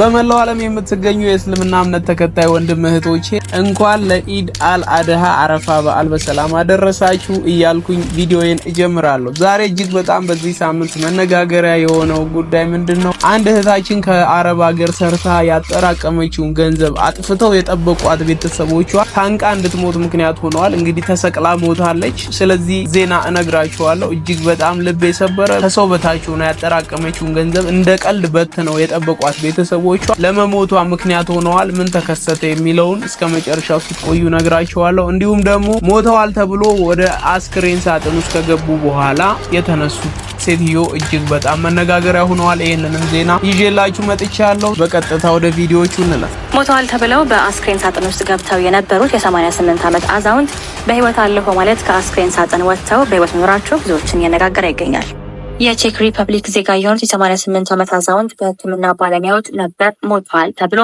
በመላው ዓለም የምትገኙ የእስልምና እምነት ተከታይ ወንድም እህቶቼ እንኳን ለኢድ አል አድሃ አረፋ በዓል በሰላም አደረሳችሁ እያልኩኝ ቪዲዮዬን እጀምራለሁ። ዛሬ እጅግ በጣም በዚህ ሳምንት መነጋገሪያ የሆነው ጉዳይ ምንድን ነው? አንድ እህታችን ከአረብ ሀገር ሰርታ ያጠራቀመችውን ገንዘብ አጥፍተው የጠበቋት ቤተሰቦቿ ታንቃ እንድትሞት ምክንያት ሆነዋል። እንግዲህ ተሰቅላ ሞታለች። ስለዚህ ዜና እነግራችኋለሁ። እጅግ በጣም ልብ የሰበረ ከሰው በታች ሆና ያጠራቀመችውን ገንዘብ እንደ ቀልድ በት ነው የጠበቋት ቤተሰቦ ቤተሰቦቿ ለመሞቷ ምክንያት ሆነዋል። ምን ተከሰተ የሚለውን እስከ መጨረሻው ሲቆዩ ነግራቸዋለሁ። እንዲሁም ደግሞ ሞተዋል ተብሎ ወደ አስክሬን ሳጥን ውስጥ ከገቡ በኋላ የተነሱት ሴትዮ እጅግ በጣም መነጋገሪያ ሆነዋል። ይህንንም ዜና ይዤላችሁ መጥቻለሁ። በቀጥታ ወደ ቪዲዮቹ እንለፍ። ሞተዋል ተብለው በአስክሬን ሳጥን ውስጥ ገብተው የነበሩት የ88 ዓመት አዛውንት በህይወት አለፈው ማለት ከአስክሬን ሳጥን ወጥተው በህይወት መኖራቸው ብዙዎችን እያነጋገረ ይገኛል። የቼክ ሪፐብሊክ ዜጋ የሆኑት የ88 ዓመት አዛውንት በሕክምና ባለሙያዎች ነበር ሞቷል ተብሎ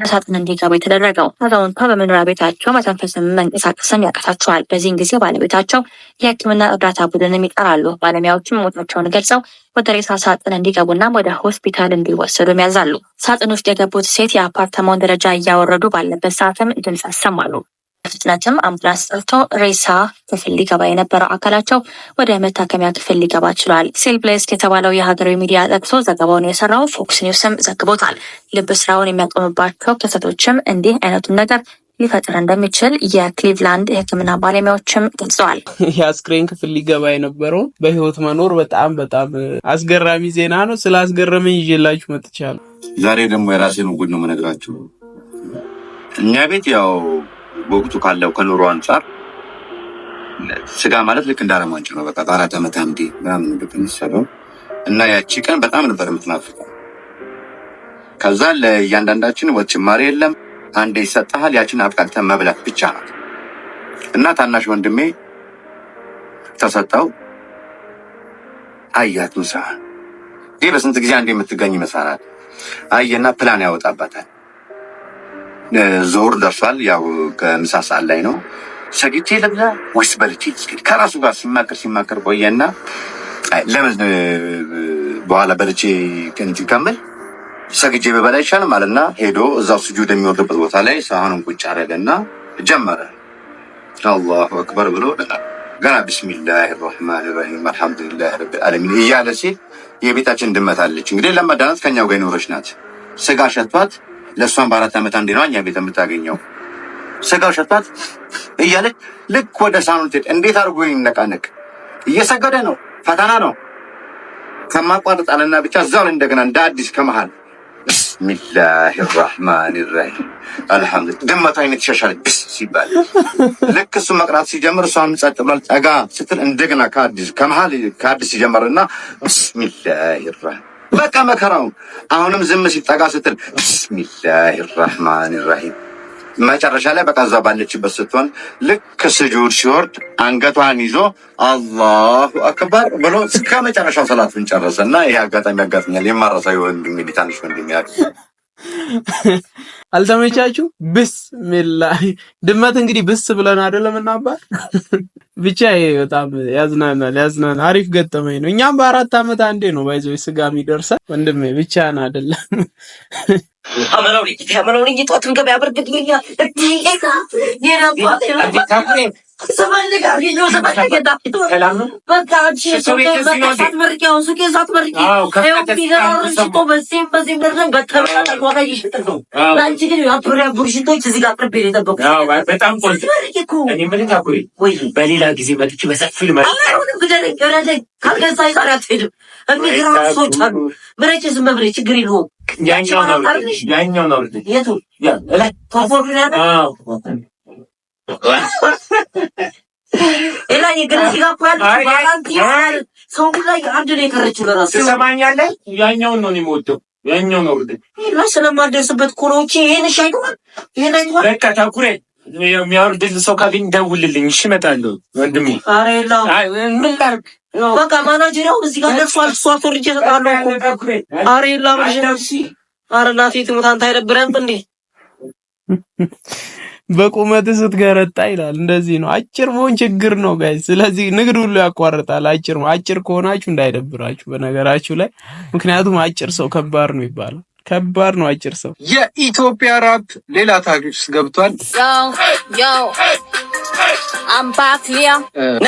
በሳጥን እንዲገቡ የተደረገው። አዛውንቷ በመኖሪያ ቤታቸው መተንፈስም መንቀሳቀስም ያቀታቸዋል። በዚህን ጊዜ ባለቤታቸው የሕክምና እርዳታ ቡድንም ይጠራሉ። ባለሙያዎችም ሞታቸውን ገልጸው ወደ ሬሳ ሳጥን እንዲገቡና ወደ ሆስፒታል እንዲወሰዱም ያዛሉ። ሳጥን ውስጥ የገቡት ሴት የአፓርታማውን ደረጃ እያወረዱ ባለበት ሰዓትም ድምፅ ያሰማሉ። በፍጥነትም አምቡላንስ ጠርቶ ሬሳ ክፍል ሊገባ የነበረው አካላቸው ወደ መታከሚያ ክፍል ሊገባ ችሏል ሲል የተባለው የሀገራዊ ሚዲያ ጠቅሶ ዘገባውን የሰራው ፎክስ ኒውስም ዘግቦታል። ልብ ስራውን የሚያቆምባቸው ክስተቶችም እንዲህ አይነቱን ነገር ሊፈጥር እንደሚችል የክሊቭላንድ የሕክምና ባለሙያዎችም ገልጸዋል። የአስክሬን ክፍል ሊገባ የነበረው በህይወት መኖር በጣም በጣም አስገራሚ ዜና ነው። ስለ አስገረመኝ ይዤላችሁ መጥቻለሁ። ዛሬ ደግሞ የራሴ ነው ነው መነግራችሁ እኛ ቤት ያው በወቅቱ ካለው ከኑሮ አንጻር ስጋ ማለት ልክ እንዳረማንጭ ነው። በቃ በአራት ዓመት አንዴ ምናምን የሚሰራው እና ያቺ ቀን በጣም ነበር የምትናፍቀው። ከዛ ለእያንዳንዳችን ወጥ ጭማሪ የለም አንዴ ይሰጠሃል። ያችን አብቃቅተን መብላት ብቻ ናት እና ታናሽ ወንድሜ ተሰጠው አያት ምሳ ይህ በስንት ጊዜ አንዴ የምትገኝ ይመስላል። አየና ፕላን ያወጣባታል ዞር ደርሷል። ያው ከምሳ ሰዓት ላይ ነው። ሰግቼ ለብዛ ወይስ በልቼ ልስገድ? ከራሱ ጋር ሲማከር ሲማከር ቆየና ለምን በኋላ በልቼ ከንጅ ከምል ሰግጄ በበላ ይቻልም አለና ሄዶ እዛው ስጁድ የሚወርድበት ቦታ ላይ ሰሃኑን ቁጭ አደረገና ጀመረ። አላሁ አክበር ብሎ ገና ብስሚላህ ራህማን ራሂም አልሐምዱሊላህ ረብልዓለሚን እያለ ሲል የቤታችን ድመት አለች። እንግዲህ ለማዳናት ከኛው ጋር ይኖረች ናት። ስጋ ሸቷት ለእሷን በአራት ዓመት አንዴ ነው እኛ ቤት የምታገኘው። ስጋው ሸቷት እያለች ልክ ወደ ሳሎን ትሄድ። እንዴት አድርጎ ይነቃነቅ! እየሰገደ ነው፣ ፈተና ነው። ከማቋረጥ አለና ብቻ እዛው ላይ እንደገና እንደ አዲስ ከመሃል ብስሚላህ ራህማን ራሂም አልሐምዱ ድመቷ አይነት ይሸሻል ብስ ሲባል ልክ እሱ መቅራት ሲጀምር እሷን ጸጥ ብላል። ጠጋ ስትል እንደገና ከአዲስ ከመሃል ከአዲስ ሲጀመርና ብስሚላህ ራህማን በቃ መከራውን አሁንም ዝም ሲጠጋ ስትል ብስሚላህ ራህማን ራሂም መጨረሻ ላይ በቃ እዛ ባለችበት ስትሆን ልክ ስጁድ ሲወርድ አንገቷን ይዞ አላሁ አክባር ብሎ እስከ መጨረሻው ሰላቱን ጨረሰ እና ይህ አጋጣሚ ያጋጥኛል የማረሳው ወንድ እንግዲህ ታንሽ ያ አልተመቻችሁ? ብስ ሚላ ድመት እንግዲህ ብስ ብለን አይደለም እናባል። ብቻ ይሄ በጣም ያዝናናል፣ ያዝናናል። አሪፍ ገጠመኝ ነው። እኛም በአራት ዓመት አንዴ ነው ባይዘው ስጋም ይደርሳል። ወንድሜ ብቻህን አይደለም። አመራው ልጅ ያመራው ልጅ ጧትም ገበያ ብርግድ ይኛ सबझने का भी नो समझ के दाती बस काम छे तो मैं साथ मर के उसके के साथ मर के ए पीना और उसको बसिम बसिम कर गत्थर लगवा का इशू तो लांच के हाथ पर बुरशी तो चीज का पर पेरे तो हां በጣም ቆንጆ እኔ ምን ታቆይ ወይ በሌላ ጊዜ መጥቼ በሰፊል ማለት አሁን ግደረ ገረደ ካልገዛ ይዛራ አትሄድም የሚግራው ሰዎች አሉ ብረጭ ዝም ብለህ ችግር የለውም ያኛው ነው ያኛው ነው የቱ ያ ላይ ፎርፎር ነው ሌላ የግራ ስጋ እኮ ያል ሰው ላይ አንድ ነው የቀረችው። ለራሱ ትሰማኛለህ? ያኛውን ነው የምወደው ያኛው ነው ወደ ላ ስለማደርስበት ኮሮቼ ይሄን ሻይ ይሄን በቃ ታኩሬ የሚያወርድል ሰው ካገኝ ደውልልኝ። እሺ እመጣለሁ ወንድሜ። ኧረ የለውም። በቃ ማናጀሪያው እዚህ ጋር ደርሷል። እሷ ቶርጄ ተጣለው እኮ ኧረ የለውም። ኧረ እናቴ ትሙት አንተ አይደብረህም እንዴ? በቁመት ስትገረጣ ይላል። እንደዚህ ነው። አጭር መሆን ችግር ነው ጋይ። ስለዚህ ንግድ ሁሉ ያቋርጣል። አጭር አጭር ከሆናችሁ እንዳይደብራችሁ በነገራችሁ ላይ ምክንያቱም አጭር ሰው ከባድ ነው ይባላል። ከባድ ነው አጭር ሰው። የኢትዮጵያ ራፕ ሌላ ታሪክ ውስጥ ገብቷል። ያው ያው አምባክሊያ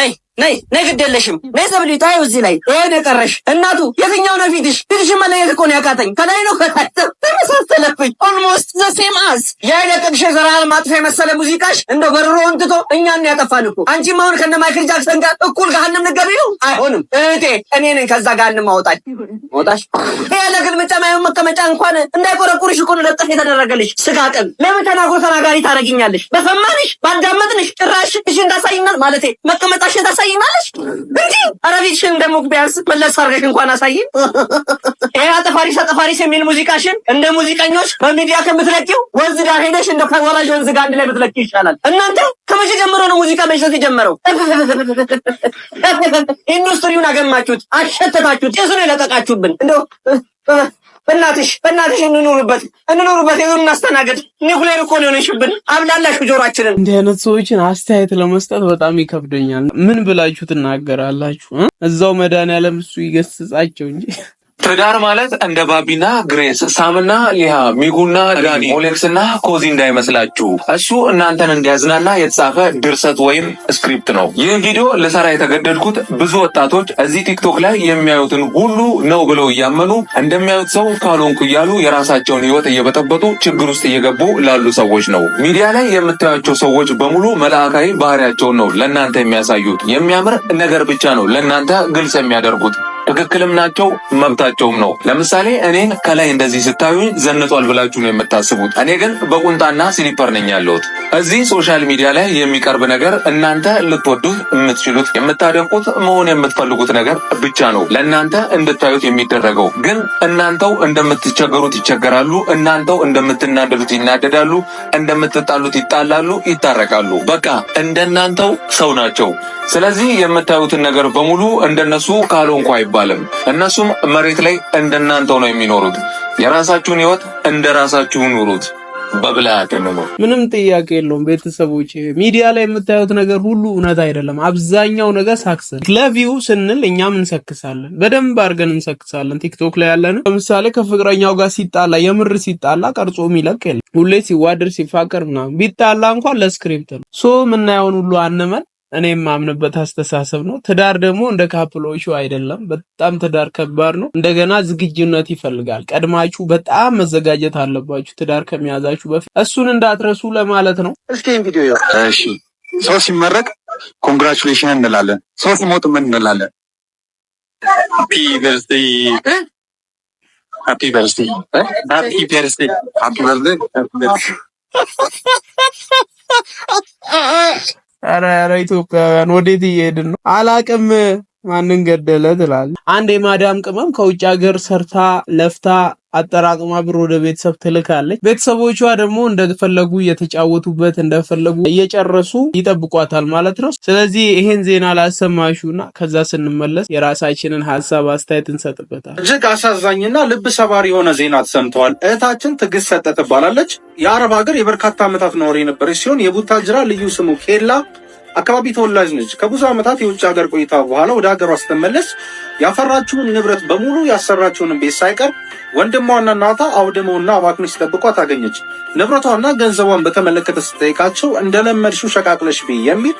ነይ ነይ ነይ፣ ግድ የለሽም ነይ። ሰብሊ ታዩ እዚህ ላይ ይሄን የቀረሽ እናቱ የትኛው ነው ፊትሽ? ፊትሽ መለየት እኮ ነው ያቃተኝ። ከላይ ነው ከታች ተመሳሰለብኝ። ኦልሞስት ዘ ሴም አዝ ያይለቅሽ የዘራል ማጥፋ የመሰለ ሙዚቃሽ እንደ በርሮ እንትቶ እኛን ያጠፋን እኮ። አንቺም አሁን ከነ ማይክል ጃክሰን ጋር እኩል ገሃነም ንገቢ ነው። አይሆንም እህቴ፣ እኔ ነኝ ከዛ ገሃነም ማውጣሽ ወጣሽ። ያለ ለግል ማየውን መቀመጫ እንኳን እንዳይቆረቁርሽ እኮ ነው ለጥፍ የተደረገልሽ። ስጋ ለምን ተናግሮ ተናጋሪ ታደርጊኛለሽ? በሰማንሽ ባዳመጥንሽ ጭራሽሽን ታሳይናል ማለት መቀመጣሽን ታሳይናለሽ እንጂ አረቢትሽን ደግሞ ቢያንስ መለስ አድርገሽ እንኳን አሳይን። ይህ አጠፋሪስ አጠፋሪስ የሚል ሙዚቃሽን እንደ ሙዚቀኞች በሚዲያ ከምትለቂው ወንዝ ጋር ሄደሽ እንደ ወላጅ ወንዝ ጋር አንድ ላይ ብትለቂው ይሻላል። እናንተ ከመቼ ጀምሮ ነው ሙዚቃ መሽተት የጀመረው? ኢንዱስትሪውን አገማችሁት፣ አሸተታችሁት፣ ጭሱን የለቀቃችሁብን እንደው በእናትሽ በእናትሽ እንኖርበት እንኖርበት እናስተናገድ። ኒኩሌር እኮ ሊሆነሽብን አብላላችሁ ጆሯችንን። እንዲህ አይነት ሰዎችን አስተያየት ለመስጠት በጣም ይከብደኛል። ምን ብላችሁ ትናገራላችሁ? እዛው መድኃኒዓለም እሱ ይገስጻቸው እንጂ ትዳር ማለት እንደ ባቢና ግሬስ፣ ሳምና ሊሃ ሚጉና ዳኒ፣ ኦሌክስና ኮዚ እንዳይመስላችሁ። እሱ እናንተን እንዲያዝናና የተጻፈ ድርሰት ወይም ስክሪፕት ነው። ይህ ቪዲዮ ልሰራ የተገደድኩት ብዙ ወጣቶች እዚህ ቲክቶክ ላይ የሚያዩትን ሁሉ ነው ብለው እያመኑ እንደሚያዩት ሰው ካልሆንኩ እያሉ የራሳቸውን ህይወት እየበጠበጡ ችግር ውስጥ እየገቡ ላሉ ሰዎች ነው። ሚዲያ ላይ የምታያቸው ሰዎች በሙሉ መላእካዊ ባህሪያቸውን ነው ለእናንተ የሚያሳዩት። የሚያምር ነገር ብቻ ነው ለእናንተ ግልጽ የሚያደርጉት። ትክክልም ናቸው፣ መብታቸውም ነው። ለምሳሌ እኔን ከላይ እንደዚህ ስታዩኝ ዘንጧል ብላችሁ ነው የምታስቡት። እኔ ግን በቁንጣና ስሊፐር ነኝ ያለሁት። እዚህ ሶሻል ሚዲያ ላይ የሚቀርብ ነገር እናንተ ልትወዱት የምትችሉት የምታደንቁት መሆን የምትፈልጉት ነገር ብቻ ነው ለእናንተ እንድታዩት የሚደረገው። ግን እናንተው እንደምትቸገሩት ይቸገራሉ፣ እናንተው እንደምትናደዱት ይናደዳሉ፣ እንደምትጣሉት ይጣላሉ፣ ይታረቃሉ። በቃ እንደናንተው ሰው ናቸው። ስለዚህ የምታዩትን ነገር በሙሉ እንደነሱ ካልሆንኳይ አይባልም። እነሱም መሬት ላይ እንደናንተው ነው የሚኖሩት። የራሳችሁን ህይወት እንደ ራሳችሁ ኑሩት። በብላት ምንም ጥያቄ የለውም። ቤተሰቦች ሚዲያ ላይ የምታዩት ነገር ሁሉ እውነት አይደለም። አብዛኛው ነገር ሳክሰን ለቪው ስንል እኛም እንሰክሳለን፣ በደንብ አድርገን እንሰክሳለን። ቲክቶክ ላይ ያለን ለምሳሌ ከፍቅረኛው ጋር ሲጣላ የምር ሲጣላ ቀርጾ የሚለቅ የለም። ሁሌ ሲዋድር ሲፋቅር ምናምን ቢጣላ እንኳን ለስክሪፕት ነው። ሶ ሁሉ አንመን እኔ የማምንበት አስተሳሰብ ነው። ትዳር ደግሞ እንደ ካፕሎቹ አይደለም። በጣም ትዳር ከባድ ነው። እንደገና ዝግጁነት ይፈልጋል። ቀድማችሁ በጣም መዘጋጀት አለባችሁ፣ ትዳር ከመያዛችሁ በፊት እሱን እንዳትረሱ ለማለት ነው። እስኪ ቪዲዮ እሺ። ሰው ሲመረቅ ኮንግራቹሌሽን እንላለን። ሰው ሲሞት ምን እንላለን? ሃፒ በርዝዴ ሃፒ በርዝዴ ሃፒ በርዝዴ ሃፒ በርዝዴ ኧረ ኧረ ኢትዮጵያውያን ወዴት እየሄድን ነው? አላቅም ማንን ገደለ ትላለህ? አንድ የማዳም ቅመም ከውጭ ሀገር ሰርታ ለፍታ አጠራቅማ ብር ወደ ቤተሰብ ትልካለች። ቤተሰቦቿ ደግሞ እንደፈለጉ እየተጫወቱበት እንደፈለጉ እየጨረሱ ይጠብቋታል ማለት ነው። ስለዚህ ይሄን ዜና እና ከዛ ስንመለስ የራሳችንን ሀሳብ አስተያየት እንሰጥበታል። እጅግ አሳዛኝና ልብ ሰባሪ የሆነ ዜና ተሰምተዋል። እህታችን ትግስት ሰጠ ትባላለች። የአረብ ሀገር የበርካታ ዓመታት ነዋሪ የነበረች ሲሆን የቡታጅራ ልዩ ስሙ ኬላ አካባቢ ተወላጅ ነች። ከብዙ ዓመታት የውጭ ሀገር ቆይታ በኋላ ወደ ሀገሯ ስትመለስ ያፈራችውን ንብረት በሙሉ ያሰራችውንም ቤት ሳይቀር ወንድሟና እናቷ አውድመውና አባክኖ ሲጠብቋት አገኘች። ንብረቷና ገንዘቧን በተመለከተ ስትጠይቃቸው እንደለመድሽው ሸቃቅለሽ ብይ የሚል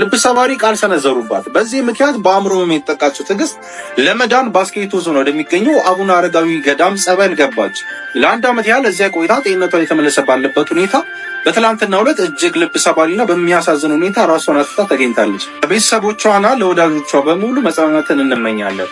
ልብ ሰባሪ ቃል ሰነዘሩባት። በዚህ ምክንያት በአእምሮ የተጠቃችው ትዕግስት ለመዳን ባስኬቶ ዞን ወደሚገኘው አቡነ አረጋዊ ገዳም ጸበል ገባች። ለአንድ ዓመት ያህል እዚያ ቆይታ ጤንነቷ የተመለሰ ባለበት ሁኔታ በትላንትናው ዕለት እጅግ ልብ ሰባሪና በሚያሳዝን ሁኔታ ራሷን አጥፍታ ተገኝታለች። ለቤተሰቦቿና ለወዳጆቿ በሙሉ መጽናናትን እንመኛለን።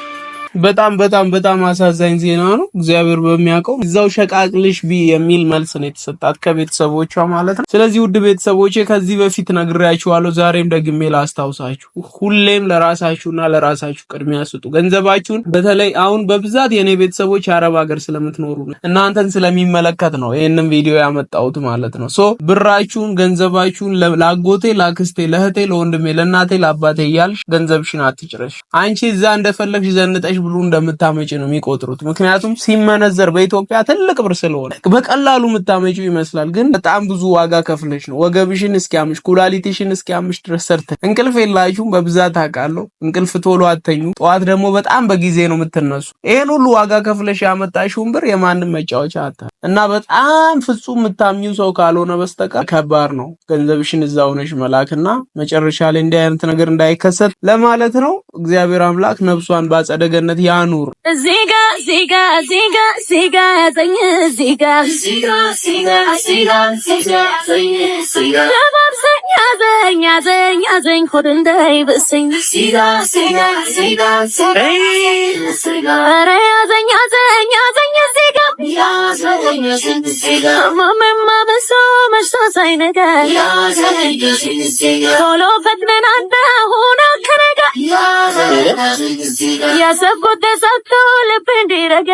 በጣም በጣም በጣም አሳዛኝ ዜና ነው። እግዚአብሔር በሚያውቀው እዛው ሸቃቅልሽ ቢ የሚል መልስ ነው የተሰጣት ከቤተሰቦቿ ማለት ነው። ስለዚህ ውድ ቤተሰቦቼ ከዚህ በፊት ነግሬያችኋለሁ፣ ዛሬም ደግሜ ላስታውሳችሁ፣ ሁሌም ለራሳችሁና ለራሳችሁ ቅድሚያ ስጡ። ገንዘባችሁን በተለይ አሁን በብዛት የእኔ ቤተሰቦች አረብ ሀገር ስለምትኖሩ ነው፣ እናንተን ስለሚመለከት ነው ይህንን ቪዲዮ ያመጣሁት ማለት ነው። ሶ ብራችሁን፣ ገንዘባችሁን ለአጎቴ፣ ላክስቴ ለእህቴ፣ ለወንድሜ፣ ለእናቴ፣ ለአባቴ እያልሽ ገንዘብሽን አትጭረሽ። አንቺ እዛ እንደፈለግሽ ዘንጠሽ ብሎ እንደምታመጪ ነው የሚቆጥሩት። ምክንያቱም ሲመነዘር በኢትዮጵያ ትልቅ ብር ስለሆነ በቀላሉ የምታመጪው ይመስላል። ግን በጣም ብዙ ዋጋ ከፍለሽ ነው ወገብሽን እስኪያምሽ ኩላሊትሽን እስኪያምሽ ድረስ ሰርተ እንቅልፍ የላችሁም። በብዛት አውቃለሁ። እንቅልፍ ቶሎ አተኙ። ጠዋት ደግሞ በጣም በጊዜ ነው የምትነሱ። ይህን ሁሉ ዋጋ ከፍለሽ ያመጣሽውን ብር የማንም መጫወቻ አታ እና በጣም ፍጹም የምታምኙ ሰው ካልሆነ በስተቀር ከባድ ነው ገንዘብሽን እዛ ሆነሽ መላክና መጨረሻ ላይ እንዲህ አይነት ነገር እንዳይከሰት ለማለት ነው። እግዚአብሔር አምላክ ነፍሷን ባጸደ በሰላምነት ያኑር። ዜጋ ዜጋ ዜጋ ዜጋ ያዘኝ ዜጋ ለባብሰኝ ያዘኝ ያዘኝ ያዘኝ ሆድ እንዳይብስኝ ኧረ ያዘኝ ያዘኝ ያዘኝ ዜጋ ማመማ በሶ መሽቶ ሳይነጋ ቶሎ ፈጥነን አዳሁን አከረ ያሰብኩት ተሳክቶ ልብ እንዲረጋ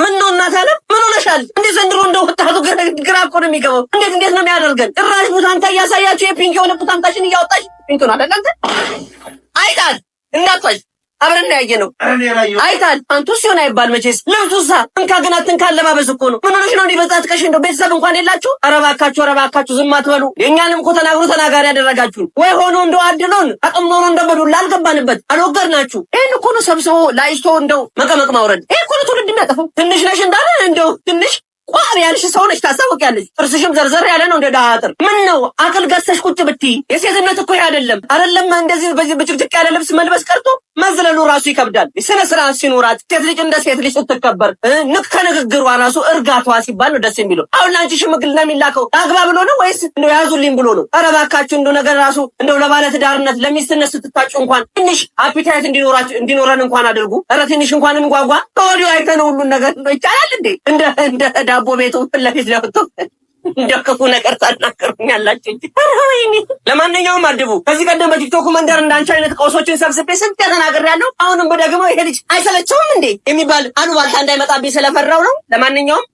ምን ነው እናት አለ ምን ሆነሻል? እንዴ ዘንድሮ እንደው ወጣቱ ግራ እኮ ነው የሚገባው። እንዴት እንዴት ነው የሚያደርገን? ራሽ ቡታንታ እያሳያችሁ የፒንክ የሆነ ቡታንታሽን እያወጣሽ ፒንክ ነው አይደል እናቷሽ አብረን ነው አይታል አንቱ ሲሆን አይባል መቼስ ልብሱሳ እንካ ግን አትንካ አለባበስ እኮ ነው። ምን ሆነሽ ነው እንዲህ በዛት ቀሽ? እንደው ቤተሰብ እንኳን የላችሁ? ኧረ እባካችሁ፣ ኧረ እባካችሁ ዝም አትበሉ። የእኛንም እኮ ተናግሮ ተናጋሪ ያደረጋችሁን ወይ ሆኖ እንደው አድሎን ሆኖ እንደው በዱላ አልገባንበት አልወገድናችሁ። ይህን እኮ ነው ሰብስቦ ላይስቶ እንደው መቀመቅ ማውረድ። ይህ እኮ ነው ትውልድ የሚያጠፋው። ትንሽ ነሽ እንዳለ እንደው ትንሽ ቋም ያልሽ ሰው ነሽ፣ ታስታውቂያለሽ። ጥርስሽም ዘርዘር ያለ ነው እንደ ድሃ አጥር። ምን ነው አቅል ገሰሽ ቁጭ ብትይ? የሴትነት እኮ አይደለም አይደለም። እንደዚህ በዚህ ብጭቅጭቅ ያለ ልብስ መልበስ ቀርቶ መዝለሉ ራሱ ይከብዳል። ስነ ስርዓት ሲኖራት ሴት ልጅ እንደ ሴት ልጅ ስትከበር ንቅ ከንግግሯ ራሱ እርጋቷ ሲባል ነው ደስ የሚለው። አሁን ለአንቺ ሽምግልና የሚላከው አግባ ብሎ ነው ወይስ እንደ ያዙልኝ ብሎ ነው? ኧረ እባካችሁ እንደ ነገር ራሱ እንደው ለባለትዳርነት ለሚስትነት ስትታጩ እንኳን ትንሽ አፒታይት እንዲኖረን እንኳን አድርጉ። ኧረ ትንሽ እንኳን እንጓጓ ከወዲሁ አይተነው ሁሉን ነገር ይቻላል እንዴ እንደ ዳቦ ቤቱ ፊት ለፊት ለወጡ እንደ ነገር ታናገሩኝ እንጂ። ለማንኛውም አድቡ ከዚህ ቀደም በቲክቶክ መንደር እንዳንቺ አይነት ቀውሶችን ሰብስቤ ስንት ተናግሬ ያለው አሁንም በደግሞ ይሄ ልጅ አይሰለቸውም እንዴ የሚባል አሉባልታ እንዳይመጣብኝ ስለፈራው ነው። ለማንኛውም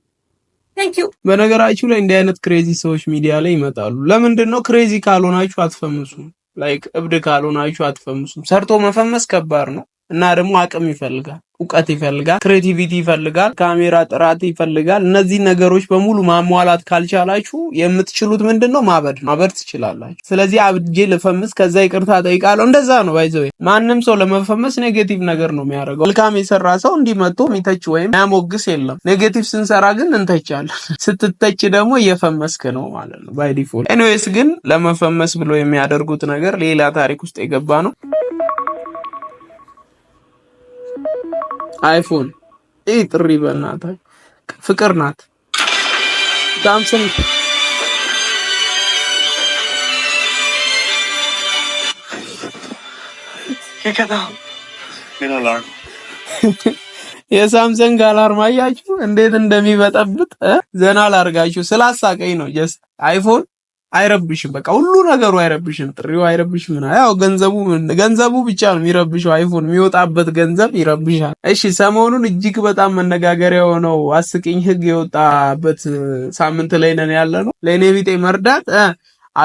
በነገራችሁ ላይ እንዲህ አይነት ክሬዚ ሰዎች ሚዲያ ላይ ይመጣሉ። ለምንድን ነው ክሬዚ ካልሆናችሁ አትፈምሱም? ላይክ እብድ ካልሆናችሁ አትፈምሱም። ሰርቶ መፈመስ ከባድ ነው እና ደግሞ አቅም ይፈልጋል። እውቀት ይፈልጋል፣ ክሬቲቪቲ ይፈልጋል፣ ካሜራ ጥራት ይፈልጋል። እነዚህ ነገሮች በሙሉ ማሟላት ካልቻላችሁ የምትችሉት ምንድን ነው? ማበድ ማበድ ትችላላችሁ። ስለዚህ አብጄ ልፈምስ፣ ከዛ ይቅርታ ጠይቃለሁ። እንደዛ ነው። ባይዘው ማንም ሰው ለመፈመስ ኔጌቲቭ ነገር ነው የሚያደርገው። መልካም የሰራ ሰው እንዲመጡ የሚተች ወይም ያሞግስ የለም። ኔጌቲቭ ስንሰራ ግን እንተቻለን። ስትተች ደግሞ እየፈመስክ ነው ማለት ነው ባይ ዲፎልት። ኤኒዌይስ ግን ለመፈመስ ብሎ የሚያደርጉት ነገር ሌላ ታሪክ ውስጥ የገባ ነው። አይፎን ይህ ጥሪ በእናታ ፍቅር ናት። የሳምሰንግ አላርም አያችሁ እንዴት እንደሚበጠብጥ ዘና ላርጋችሁ ስላሳቀኝ ነው። ጀስት አይፎን አይረብሽም። በቃ ሁሉ ነገሩ አይረብሽም። ጥሪው አይረብሽም። ያው ገንዘቡ ገንዘቡ ብቻ ነው የሚረብሸው። አይፎን የሚወጣበት ገንዘብ ይረብሻል። እሺ፣ ሰሞኑን እጅግ በጣም መነጋገሪያ የሆነው አስቂኝ ህግ የወጣበት ሳምንት ላይ ነን ያለ ነው። ለእኔ ቢጤ መርዳት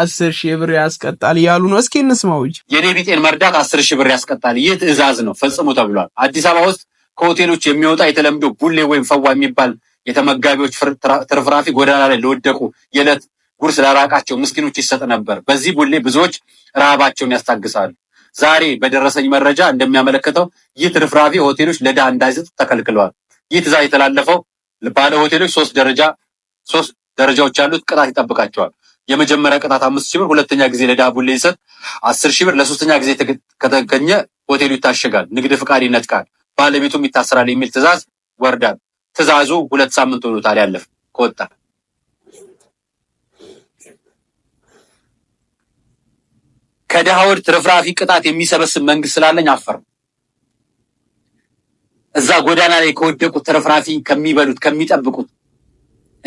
አስር ሺህ ብር ያስቀጣል እያሉ ነው። እስኪ እንስማው እንጂ የኔ ቢጤን መርዳት አስር ሺህ ብር ያስቀጣል። ይህ ትዕዛዝ ነው ፈጽሞ ተብሏል። አዲስ አበባ ውስጥ ከሆቴሎች የሚወጣ የተለምዶ ቡሌ ወይም ፈዋ የሚባል የተመጋቢዎች ትርፍራፊ ጎዳና ላይ ለወደቁ የዕለት ጉርስ ለራቃቸው ምስኪኖች ይሰጥ ነበር። በዚህ ቡሌ ብዙዎች ረሃባቸውን ያስታግሳሉ። ዛሬ በደረሰኝ መረጃ እንደሚያመለክተው ይህ ትርፍራፊ ሆቴሎች ለድሃ እንዳይሰጥ ተከልክለዋል። ይህ ትዕዛዝ የተላለፈው ባለ ሆቴሎች ሶስት ደረጃ ሶስት ደረጃዎች ያሉት ቅጣት ይጠብቃቸዋል። የመጀመሪያ ቅጣት አምስት ሺህ ብር፣ ሁለተኛ ጊዜ ለድሃ ቡሌ ይሰጥ አስር ሺህ ብር፣ ለሶስተኛ ጊዜ ከተገኘ ሆቴሉ ይታሸጋል፣ ንግድ ፍቃድ ይነጥቃል፣ ባለቤቱም ይታሰራል የሚል ትዕዛዝ ወርዳል። ትዕዛዙ ሁለት ሳምንት ሆኖታል ያለፈ ከወጣ ከድሃዎች ትርፍራፊ ቅጣት የሚሰበስብ መንግስት ስላለኝ አፈርም። እዛ ጎዳና ላይ ከወደቁት ትርፍራፊ ከሚበሉት ከሚጠብቁት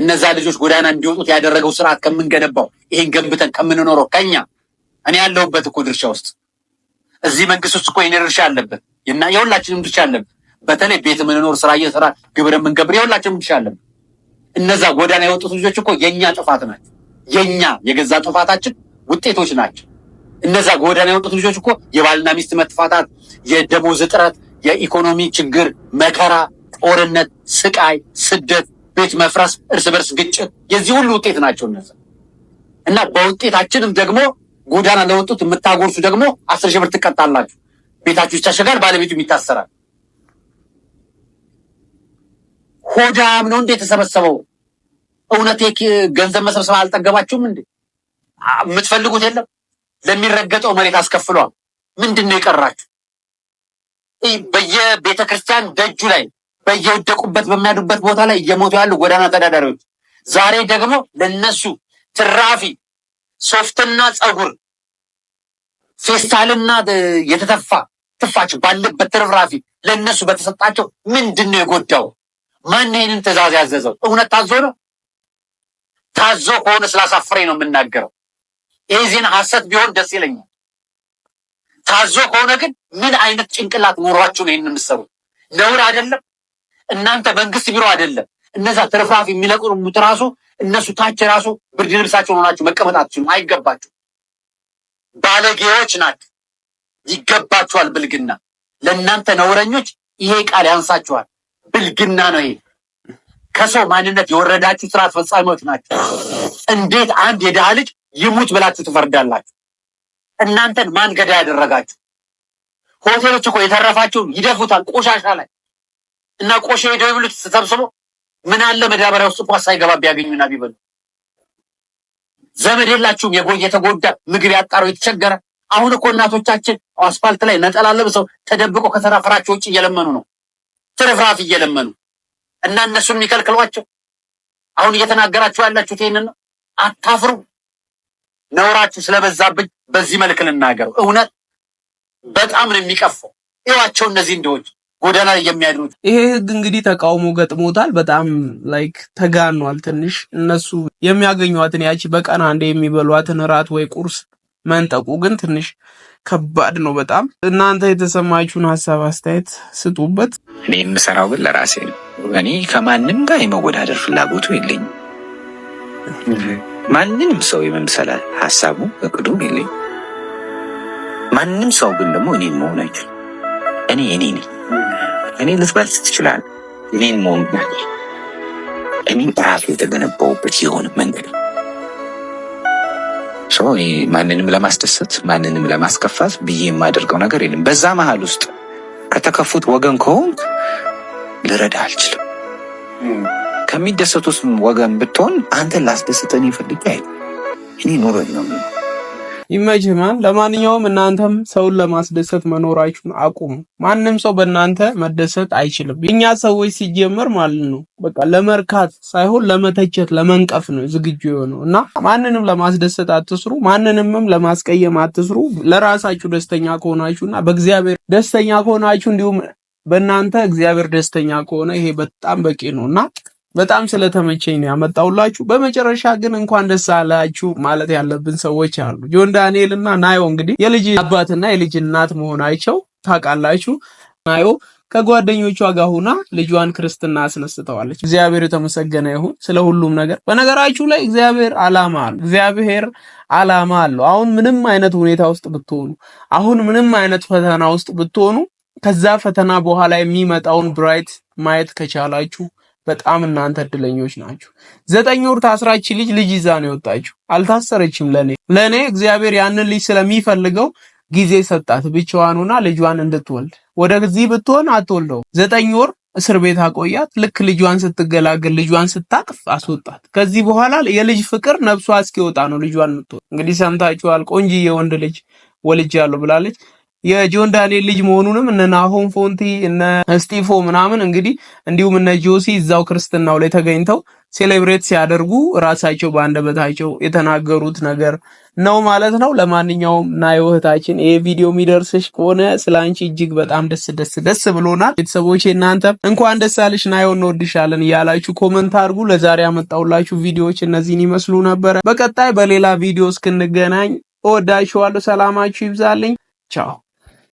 እነዛ ልጆች ጎዳና እንዲወጡት ያደረገው ስርዓት ከምንገነባው ይሄን ገንብተን ከምንኖረው ከኛ እኔ ያለሁበት እኮ ድርሻ ውስጥ እዚህ መንግስት ውስጥ እኮ የኔ ድርሻ አለበት እና የሁላችንም ድርሻ አለበት። በተለይ ቤት የምንኖር ስራ እየሰራ ግብር የምንገብር የሁላችንም ድርሻ አለበት። እነዛ ጎዳና የወጡት ልጆች እኮ የእኛ ጥፋት ናቸው። የእኛ የገዛ ጥፋታችን ውጤቶች ናቸው። እነዛ ጎዳና የወጡት ልጆች እኮ የባልና ሚስት መጥፋታት፣ የደሞዝ እጥረት፣ የኢኮኖሚ ችግር፣ መከራ፣ ጦርነት፣ ስቃይ፣ ስደት፣ ቤት መፍረስ፣ እርስ በርስ ግጭት የዚህ ሁሉ ውጤት ናቸው እነዛ እና በውጤታችንም ደግሞ ጎዳና ለወጡት የምታጎርሱ ደግሞ አስር ሺህ ብር ትቀጣላችሁ። ቤታችሁ ይታሸጋል፣ ባለቤቱም ይታሰራል። ሆዳም ነው እንዴ የተሰበሰበው? እውነቴ ገንዘብ መሰብሰብ አልጠገባችሁም እንዴ? የምትፈልጉት የለም ለሚረገጠው መሬት አስከፍሏል። ምንድን ነው የቀራችሁ? በየቤተ ክርስቲያን ደጁ ላይ በየወደቁበት በሚያዱበት ቦታ ላይ እየሞቱ ያሉ ጎዳና ተዳዳሪዎች፣ ዛሬ ደግሞ ለነሱ ትራፊ ሶፍትና ጸጉር ፌስታልና የተተፋ ትፋች ባለበት ትርፍራፊ ለነሱ በተሰጣቸው ምንድን ነው የጎዳው? ማን ይህንን ትእዛዝ ያዘዘው? እውነት ታዞ ነው? ታዞ ከሆነ ስላሳፍረኝ ነው የምናገረው። ይህ ዜና ሀሰት ቢሆን ደስ ይለኛል። ታዞ ከሆነ ግን ምን አይነት ጭንቅላት ኖሯችሁ ነው ይህን የምትሰሩት? ነውር አይደለም? እናንተ መንግስት ቢሮ አይደለም። እነዛ ትርፍራፊ የሚለቁሙት ራሱ እነሱ ታች ራሱ ብርድ ልብሳቸውን ሆናችሁ መቀመጥ አትችሉም። አይገባችሁ። ባለጌዎች ናት። ይገባችኋል ብልግና። ለእናንተ ነውረኞች ይሄ ቃል ያንሳችኋል። ብልግና ነው ይሄ። ከሰው ማንነት የወረዳችሁ ስራ አስፈጻሚዎች ናቸው። እንዴት አንድ የድሃ ልጅ ይሙት ብላችሁ ትፈርዳላችሁ። እናንተን ማን ገዳ ያደረጋችሁ? ሆቴሎች እኮ የተረፋቸውን ይደፉታል ቆሻሻ ላይ እና ቆሻ ሄደው ይብሉት ተሰብስቦ ምን አለ መዳበሪያ ውስጥ እኳ ሳይገባ ቢያገኙና ቢበሉ። ዘመድ የላችሁም? የተጎዳ ምግብ ያጣረው የተቸገረ። አሁን እኮ እናቶቻችን አስፋልት ላይ ነጠላ ለብሰው ተደብቀው ከተረፍራቸው ውጭ እየለመኑ ነው፣ ትርፍራፍ እየለመኑ እና እነሱ የሚከልክሏቸው። አሁን እየተናገራችሁ ያላችሁት ይህንን ነው። አታፍሩ። ነውራችሁ ስለበዛብኝ በዚህ መልክ ልናገሩ። እውነት በጣም ነው የሚቀፈው። ይዋቸው እነዚህ እንደዎች ጎዳና የሚያድሩት ይሄ ህግ እንግዲህ ተቃውሞ ገጥሞታል። በጣም ላይክ ተጋኗል። ትንሽ እነሱ የሚያገኟትን ያቺ በቀን አንዴ የሚበሏትን እራት ወይ ቁርስ መንጠቁ ግን ትንሽ ከባድ ነው በጣም። እናንተ የተሰማችሁን ሀሳብ አስተያየት ስጡበት። እኔ የምሰራው ግን ለራሴ ነው። እኔ ከማንም ጋር የመወዳደር ፍላጎቱ የለኝም። ማንንም ሰው የመምሰላል ሀሳቡ እቅዱም የለኝ። ማንም ሰው ግን ደግሞ እኔን መሆን አይችል። እኔ እኔ ነኝ። እኔ ልትበልጥ ትችላል። እኔን መሆን እኔ ራሱ የተገነባውበት የሆነ መንገድ ማንንም ለማስደሰት ማንንም ለማስከፋት ብዬ የማደርገው ነገር የለም። በዛ መሀል ውስጥ ከተከፉት ወገን ከሆንክ ልረዳ አልችልም። ከሚደሰቱት ወገን ብትሆን አንተ ላስደስተን ይፈልግ አይ እኔ ኖረ ነው ይመችህ። ለማንኛውም እናንተም ሰውን ለማስደሰት መኖራችሁን አቁሙ። ማንም ሰው በእናንተ መደሰት አይችልም። እኛ ሰዎች ሲጀመር ማለት ነው በቃ ለመርካት ሳይሆን ለመተቸት፣ ለመንቀፍ ነው ዝግጁ የሆነው እና ማንንም ለማስደሰት አትስሩ፣ ማንንምም ለማስቀየም አትስሩ። ለራሳችሁ ደስተኛ ከሆናችሁና በእግዚአብሔር ደስተኛ ከሆናችሁ እንዲሁም በእናንተ እግዚአብሔር ደስተኛ ከሆነ ይሄ በጣም በቂ ነው እና በጣም ስለተመቸኝ ነው ያመጣውላችሁ። በመጨረሻ ግን እንኳን ደስ አላችሁ ማለት ያለብን ሰዎች አሉ። ጆን ዳንኤል እና ናዮ እንግዲህ የልጅ አባትና የልጅ እናት መሆናቸው ታውቃላችሁ። ናዮ ከጓደኞቿ ጋር ሆና ልጇን ክርስትና አስነስተዋለች። እግዚአብሔር የተመሰገነ ይሁን ስለ ሁሉም ነገር። በነገራችሁ ላይ እግዚአብሔር አላማ አለው። እግዚአብሔር አላማ አለው። አሁን ምንም አይነት ሁኔታ ውስጥ ብትሆኑ፣ አሁን ምንም አይነት ፈተና ውስጥ ብትሆኑ ከዛ ፈተና በኋላ የሚመጣውን ብራይት ማየት ከቻላችሁ በጣም እናንተ እድለኞች ናችሁ። ዘጠኝ ወር ታስራች ልጅ ልጅ ይዛ ነው የወጣችሁ። አልታሰረችም። ለኔ ለኔ እግዚአብሔር ያንን ልጅ ስለሚፈልገው ጊዜ ሰጣት፣ ብቻዋን ሆና ልጇን እንድትወልድ። ወደዚህ ብትሆን አትወልደው። ዘጠኝ ወር እስር ቤት አቆያት። ልክ ልጇን ስትገላገል ልጇን ስታቅፍ አስወጣት። ከዚህ በኋላ የልጅ ፍቅር ነብሷ እስኪወጣ ነው ልጇን እንግዲህ ሰምታችኋል። ቆንጆ የወንድ ልጅ ወልጅ ያለው ብላለች። የጆን ዳንኤል ልጅ መሆኑንም እነ ናሆም ፎንቲ እነ ስቲፎ ምናምን እንግዲህ እንዲሁም እነ ጆሲ እዛው ክርስትናው ላይ ተገኝተው ሴሌብሬት ሲያደርጉ ራሳቸው በአንደበታቸው የተናገሩት ነገር ነው ማለት ነው። ለማንኛውም ናዮ እህታችን ይሄ ቪዲዮ የሚደርስሽ ከሆነ ስለ አንቺ እጅግ በጣም ደስ ደስ ደስ ብሎናል። ቤተሰቦቼ እናንተ እንኳን ደስ ያለሽ ናዮ፣ እንወድሻለን እያላችሁ ኮመንት አድርጉ። ለዛሬ ያመጣውላችሁ ቪዲዮዎች እነዚህን ይመስሉ ነበረ። በቀጣይ በሌላ ቪዲዮ እስክንገናኝ እወዳችኋለሁ። ሰላማችሁ ይብዛልኝ። ቻው